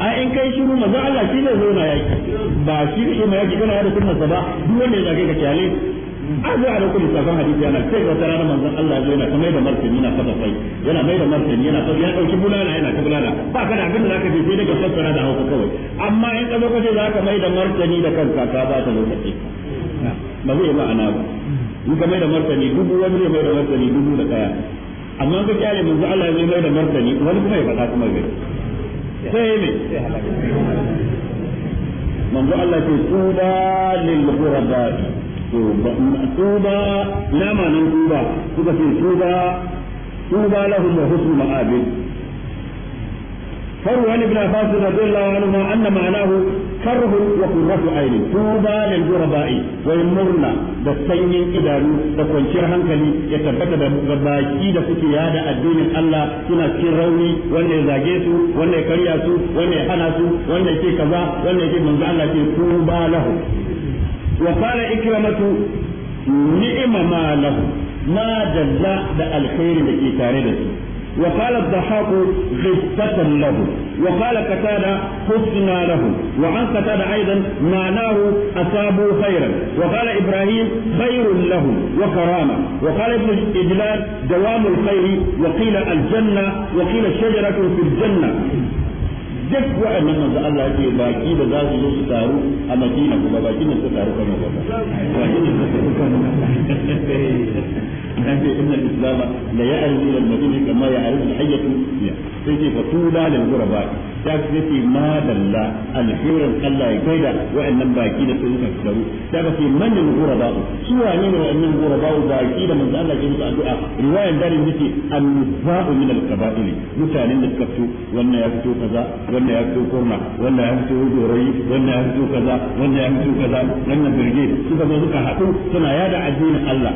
a in kai shiru manzo Allah shi ne zo na yaki ba shi ne mai yaki kana yada sunnar sa ba duk wanda ya zage ka kyale azu ala kulli safan hadisi ana sai wata rana manzon Allah zai na kamar da martani na kafa sai yana mai da martani yana ya dauki bulala yana ta bulala ba ka da abin da zaka je daga fassara da hauka kawai amma in ka za ka zaka mai da martani da kanka ka ba ta lokaci ba zai ma'ana ba in ka mai da martani dubu wani zai mai da martani dubu da kaya amma ka kyale manzon Allah ya mai da martani wani kuma ya faɗa kuma gari sai ne manzo Allah ce tuba lil ghuraba tuba la manan tuba suka ce tuba tuba lahum wa husnu ma'abid فروى عن ابن عباس رضي الله عنهما ان معناه كره وقرة عين توبى للغرباء ويمرنا da sanyin idanu da kwanciyar hankali ya tabbata da baki da suke yada addinin Allah suna cikin rauni wanda ya zage su wanda karya su wanda ya hana su wanda ya ce kaza wanda ya ce manzo lahu wa qala ikramatu ni'ma lahu ma dalla da alkhairi da ke tare da su wa qala ad-dhahaqu lahu وقال قتادة حسنا له وعن قتادة أيضا معناه أصابوا خيرا وقال إبراهيم خير له وكرامة وقال ابن إجلال دوام الخير وقيل الجنة وقيل شجرة في الجنة duk waɗannan manzo Allah ke baki da za su zo su taru a Madina kuma baki ne su taru kan Madina baki ne su taru kan Madina nabi inna al-islam la ya'rifu al-madina kama ya'rifu al-hayyatu sai ce fatula lil ghuraba ta ce ma dalla al-hirin Allah ya gaida waɗannan baki da su suka taru ta ce man al-ghuraba su wane ne waɗannan ghuraba baki da manzo Allah ya ke musu addu'a riwayan dalil yake an-nisa'u min al-qaba'il mutanen da suka fito wannan ya fito kaza wannan ya fito kurna wannan ya fito dorayi wannan ya fito kaza wannan ya fito kaza wannan birge suka zo suka haɗu suna yada addinin Allah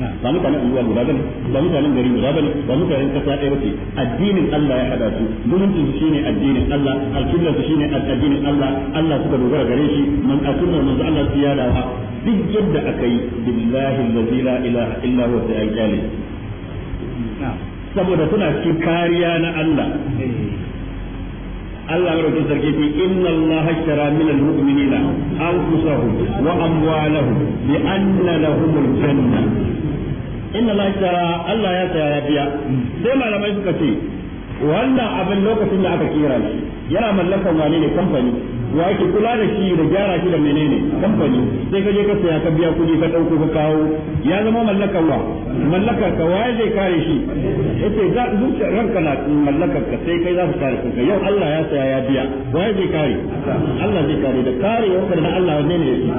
ba mutanen unguwa guda bane ba mutanen gari guda bane ba mutanen kasa ɗaya bace addinin Allah ya hada su guruncin su shine addinin Allah alƙiblar su shine addinin Allah Allah suka dogara gare shi man akunna manzo Allah su ya ha duk yadda akai billahi allazi la ilaha illa huwa sayyidul saboda suna cikin kariya na Allah eh. Allah ya rubuta sarki fi inna Allah ashtara min al-mu'minina anfusahum wa amwalahum bi anna lahum al-janna inna Allah ashtara Allah ya saya biya sai malamai suka ce wannan abin lokacin da aka kira yana mallakan wane ne kamfani wa ake kula da shi da gyara shi da menene kamfani sai ka je ka saya ka biya kuɗi ka ɗauko ka kawo ya zama mallakar wa mallakar ka waye zai kare shi yace za zuci ranka na mallakar ka sai kai za ka kare kanka yau Allah ya saya ya biya waye zai kare Allah zai kare da kare wanka da Allah ne ne shi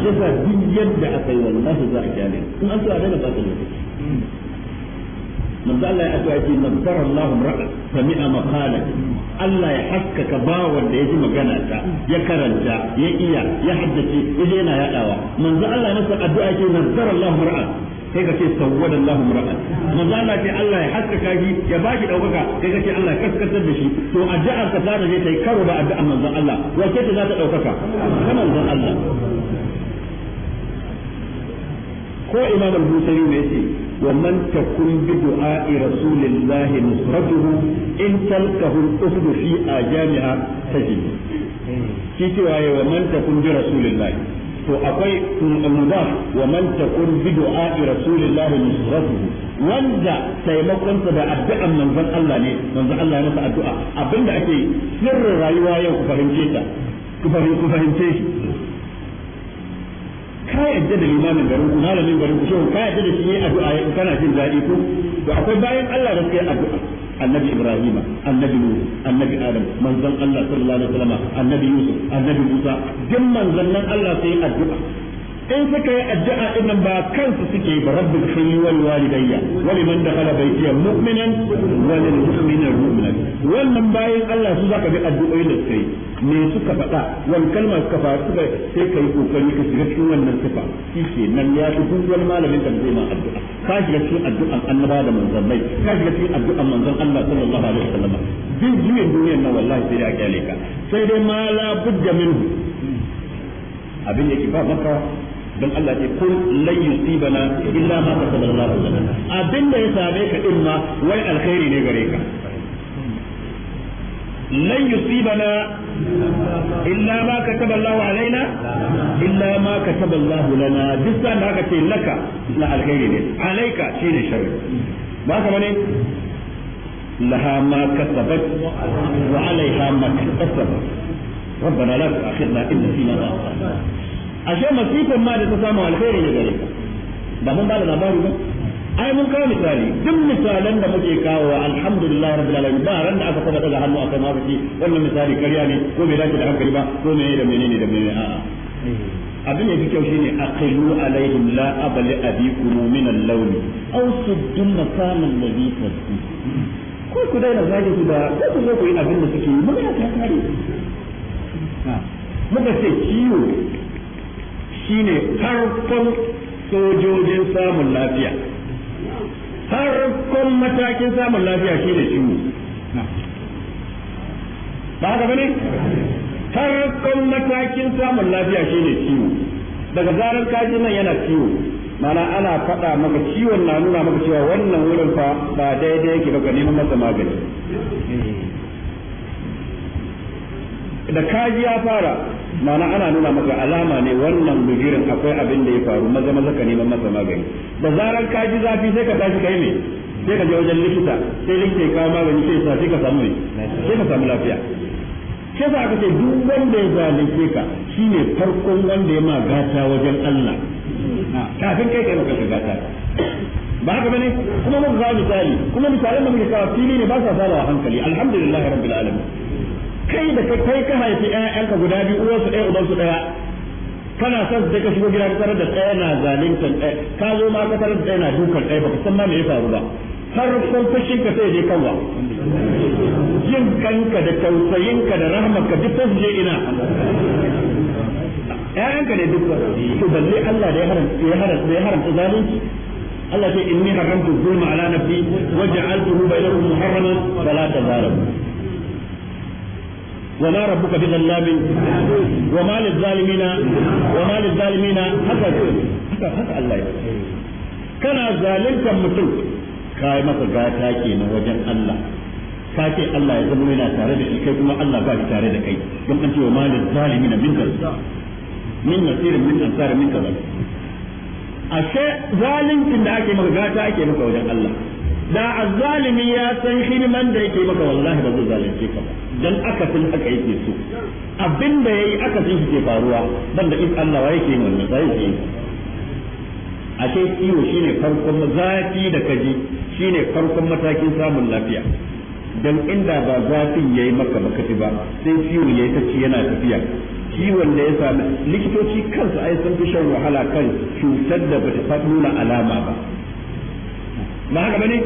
shi sa duk yadda aka yi wallahi za a kare in an so a daina ba ta lokaci manzo Allah ya addu'a yake nazzara Allahu ra'a sami'a maqala Allah ya haskaka bawan wanda yaji magana ta ya karanta ya iya ya haddace yaje yana yadawa manzo Allah ya nasa addu'a yake nazzara Allahu ra'a kai ka ce sawwada Allahu ra'a manzo Allah ce Allah ya haskaka shi ya baki daukaka kai ka ce Allah ya kaskatar da shi to addu'a ka ta je ta yi karo da addu'a manzo Allah wace ta za ta daukaka kana manzo Allah ko imam al-Bukhari ne yake ومن تكن بدعاء رسول الله نصرته إن تلقه الأسد في آجامها تجد كيتي ومن تكن برسول الله to akwai mudaf wa man takun bi du'a'i rasulillahi nusratuhu wanda taimakonsa da addu'an manzon Allah ne manzon Allah ya addu'a abinda ake sirrin rayuwa yau ku fahimce ta ku fahimce shi ka yadda da limamin garin ku malamin garin ku shehu ka yadda da shi yayi addu'a yayi kana jin daɗi ko to akwai bayan Allah da suka yi addu'a annabi Ibrahim annabi Nuh annabi Adam manzon Allah sallallahu alaihi wasallam annabi Yusuf annabi Musa duk manzon Allah sai addu'a in suka yi addu'a dinnan ba kansu suke ba rabbi fili wal walidayya wal man dakhala baytiya mu'minan wal mu'minan mu'minan wannan bayan Allah su zaka bi addu'o'i da sai me suka faɗa wal kalma suka faɗa suka sai kai kokari ka shiga cikin wannan sifa shi ke nan ya fi duk wani malamin da zai ma addu'a ka shiga cikin addu'an annaba da mai ka shiga cikin addu'an manzon Allah sallallahu alaihi wasallam bin jimin duniyar na wallahi sai ya kyale ka sai dai ma la budda minhu abin yake ba maka don Allah ce kun lan yusibana illa ma kasaballahu lana abin da ya same ka din ma wai alkhairi ne gare ka lan yusibana illa ma kataballahu alaina illa ma kataballahu lana duk sanda aka ce laka na alkhairi ne alaika shine sharri ba ka bane لها ما كسبت وعليها ما اكتسبت ربنا لا تؤاخذنا إن نسينا ما أخطأنا ashe masifan ma da ta samu alheri ne gare ba mun ba da labari ba ai mun kawo misali duk misalan da muke kawo alhamdulillah rabbil alamin ba ran da aka saba daga hannu akan haka ce wannan misali karya ne ko bai dace da hankali ba ko ne da menene da menene a'a abin da yake kyau shine aqilu alaihim la abali abikum min al-lawn aw suddu makan alladhi tasbu ko ku daina zage ku da ko ku zo ku yi abin da suke yi mun ya kare muka ce ciwo shine farkon sojojin samun lafiya farkon matakin samun lafiya shine ciwo ba haka bane farkon matakin samun lafiya shine ciwo daga zarar kaji nan yana ciwo mana ana faɗa maka ciwon na nuna maka cewa wannan wurin fa ba daidai yake ba ka neman masa magani da kaji ya fara mana ana nuna maka alama ne wannan bujirin akwai abin da ya faru maza maza ka neman masa magani da zarar ka ji zafi sai ka tashi kai ne sai ka je wajen likita sai likita ya kawo magani sai sa sai ka samu ne sai ka samu lafiya ke yasa aka ce duk wanda ya zalunce ka shine farkon wanda ya ma gata wajen Allah kafin kai kai maka gata ba haka bane kuma muka kawo misali kuma misalan da muke kawo fili ne ba sa sala hankali alhamdulillah rabbil alamin kai da kai ka haifi ƴaƴanka guda biyu uwarsu ɗaya ubansu ɗaya kana son sai ka shigo gida ka tarar da ɗaya na zalintan ɗaya ka zo ma ka tarar da ɗaya na dukan ɗaya baka san ma me ya faru ba har kun fushin ka sai je kanwa jin kanka da tausayinka da rahmarka duk sai je ina ƴaƴanka ne duk to balle Allah da ya haramta ya haramta ya haramta zalunci Allah sai inni haramtu zulma ala nafsi waj'altuhu bainakum muharraman fala tazalamu وما ربك بظلام وما للظالمين وما للظالمين حسد حسد الله kana zaluntar mutum kai yi masa gata na wajen Allah ka ce Allah ya zama yana tare da kai kuma Allah ba shi tare da kai don an ce wa malin zalimin min kaza min nasirin min ansar min kaza ashe zaluncin da ake maka gata ake maka wajen Allah da azzalimi ya san hirman da yake maka wallahi ba zai zalunce ka ba dan akasin haka yake so abinda yayi akasin shi ke faruwa banda in Allah wa yake mun sai yake ashe ciwo shine farkon zafi da kaji shine farkon matakin samun lafiya dan inda ba zafin yayi maka baka ba sai ciwo yayi ta ci yana tafiya ciwon da ya sami likitoci kansu ai sun fi shan wahala kan cutar da bata nuna alama ba ba haka bane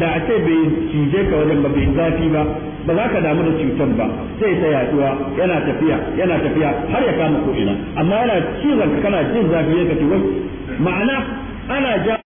da a ce bai cije ka wajen ba bai zafi ba ba za ka damu da cutar ba sai ta yaduwa yana tafiya yana tafiya har ya kama ko ina amma yana cizon kana jin zafi ya kace wai ma'ana ana ja